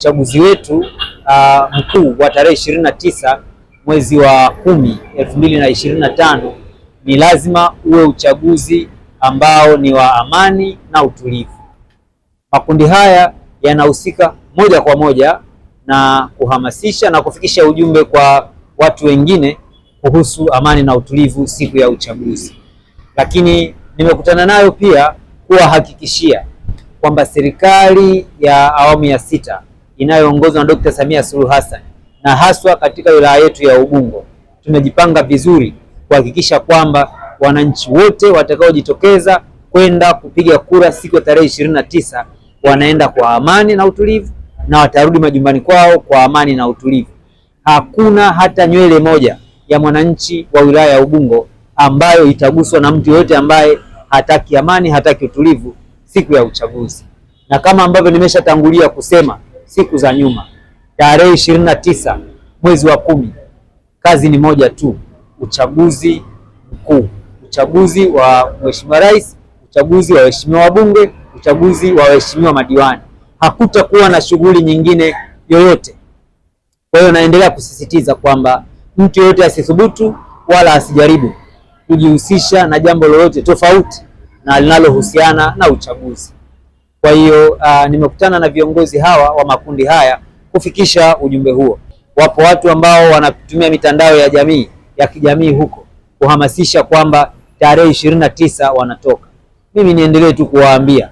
Uchaguzi wetu uh, mkuu wa tarehe ishirini na tisa mwezi wa kumi elfu mbili na ishirini na tano ni lazima uwe uchaguzi ambao ni wa amani na utulivu. Makundi haya yanahusika moja kwa moja na kuhamasisha na kufikisha ujumbe kwa watu wengine kuhusu amani na utulivu siku ya uchaguzi, lakini nimekutana nayo pia kuwahakikishia kwamba serikali ya awamu ya sita inayoongozwa na Dr. Samia Suluhu Hassan na haswa katika wilaya yetu ya Ubungo. Tumejipanga vizuri kuhakikisha kwamba wananchi wote watakaojitokeza kwenda kupiga kura siku ya tarehe ishirini na tisa wanaenda kwa amani na utulivu na watarudi majumbani kwao kwa amani na utulivu. Hakuna hata nywele moja ya mwananchi wa wilaya ya Ubungo ambayo itaguswa na mtu yoyote ambaye hataki amani, hataki utulivu siku ya uchaguzi. Na kama ambavyo nimeshatangulia kusema, siku za nyuma, tarehe ishirini na tisa mwezi wa kumi, kazi ni moja tu, uchaguzi mkuu, uchaguzi wa mheshimiwa rais, uchaguzi wa waheshimiwa wabunge, uchaguzi wa waheshimiwa madiwani. Hakutakuwa na shughuli nyingine yoyote. Kwa hiyo naendelea kusisitiza kwamba mtu yoyote asithubutu wala asijaribu kujihusisha na jambo lolote tofauti na linalohusiana na uchaguzi. Kwa hiyo uh, nimekutana na viongozi hawa wa makundi haya kufikisha ujumbe huo. Wapo watu ambao wanatumia mitandao ya jamii ya kijamii huko kuhamasisha kwamba tarehe ishirini na tisa wanatoka. Mimi niendelee tu kuwaambia,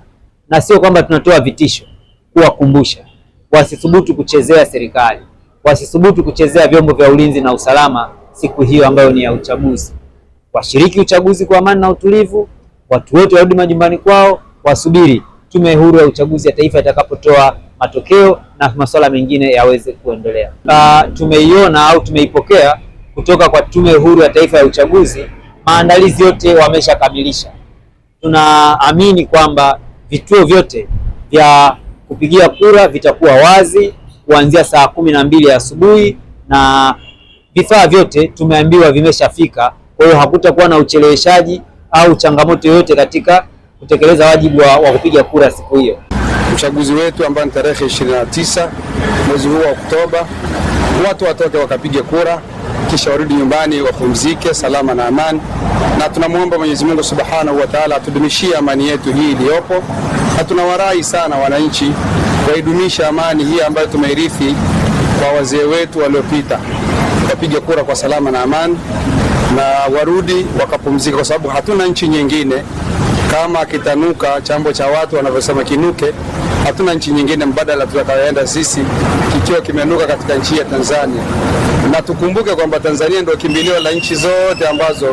na sio kwamba tunatoa vitisho, kuwakumbusha wasithubutu kuchezea serikali, wasithubutu kuchezea vyombo vya ulinzi na usalama siku hiyo ambayo ni ya uchaguzi. Washiriki uchaguzi kwa amani na utulivu, watu wote warudi majumbani kwao, wasubiri Tume Huru ya Uchaguzi ya Taifa itakapotoa matokeo na masuala mengine yaweze kuendelea. Tumeiona au tumeipokea kutoka kwa Tume Huru ya Taifa ya Uchaguzi, maandalizi yote wameshakamilisha. Tunaamini kwamba vituo vyote vya kupigia kura vitakuwa wazi kuanzia saa kumi na mbili asubuhi na vifaa vyote tumeambiwa vimeshafika. Kwa hiyo hakutakuwa na ucheleweshaji au changamoto yoyote katika kutekeleza wajibu wa, wa kupiga kura siku hiyo. Uchaguzi wetu ambao ni tarehe 29 mwezi huu wa Oktoba, watu watoke wakapiga kura kisha warudi nyumbani wapumzike salama na amani, na tunamwomba Mwenyezi Mungu Subhanahu wa Ta'ala atudumishie amani yetu hii iliyopo, na tunawarai sana wananchi waidumisha amani hii ambayo tumeirithi kwa wazee wetu waliopita, wapige kura kwa salama na amani na warudi wakapumzika, kwa sababu hatuna nchi nyingine kama kitanuka chambo cha watu wanavyosema kinuke, hatuna nchi nyingine mbadala tutakayoenda sisi kikiwa kimenuka katika nchi ya Tanzania. Na tukumbuke kwamba Tanzania ndio kimbilio la nchi zote ambazo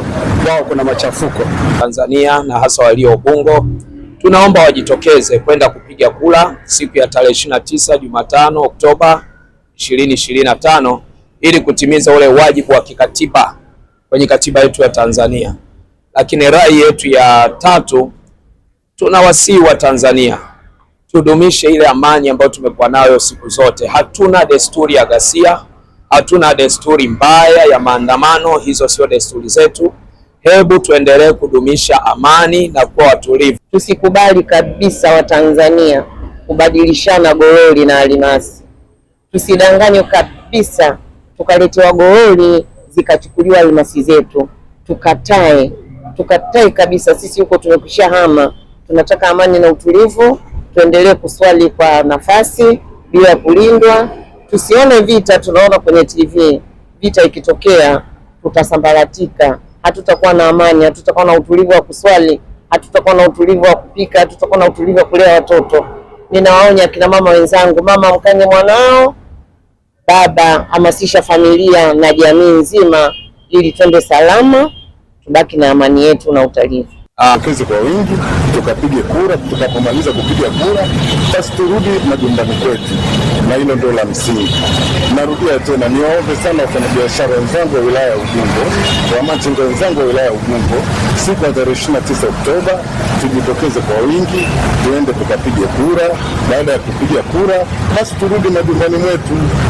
wao kuna machafuko. Tanzania na hasa walio Ubungo, tunaomba wajitokeze kwenda kupiga kura siku ya tarehe 29 Jumatano Oktoba 2025 ili kutimiza ule wajibu wa kikatiba kwenye katiba yetu ya Tanzania. Lakini rai yetu ya tatu, tunawasihi wa Tanzania tudumishe ile amani ambayo tumekuwa nayo siku zote. Hatuna desturi ya ghasia, hatuna desturi mbaya ya maandamano, hizo sio desturi zetu. Hebu tuendelee kudumisha amani na kuwa watulivu. Tusikubali kabisa Watanzania kubadilishana goroli na alimasi. Tusidanganywe kabisa tukaletewa goroli zikachukuliwa alimasi zetu, tukatae tukatai kabisa. Sisi huko tumekwisha hama, tunataka amani na utulivu, tuendelee kuswali kwa nafasi bila kulindwa, tusione vita tunaona kwenye TV. Vita ikitokea tutasambaratika, hatutakuwa na amani, hatutakuwa na utulivu wa kuswali, hatutakuwa na utulivu wa kupika, hatutakuwa na utulivu wa kulea watoto. Ninawaonya kina mama wenzangu, mama mkanye mwanao, baba hamasisha familia na jamii nzima, ili twende salama tubaki na amani yetu na utulivu. Ah, Tokeze kwa wingi tukapige kura, tukapomaliza kupiga kura basi turudi majumbani kwetu, na hilo ndio la msingi. Narudia tena, niwaombe sana wafanyabiashara wenzangu wa wilaya ya Ubungo, wamachinga wenzangu wa wilaya ya Ubungo, siku ya tarehe 29 Oktoba tujitokeze kwa wingi, tuende tukapige kura. Baada ya kupiga kura, basi turudi majumbani mwetu.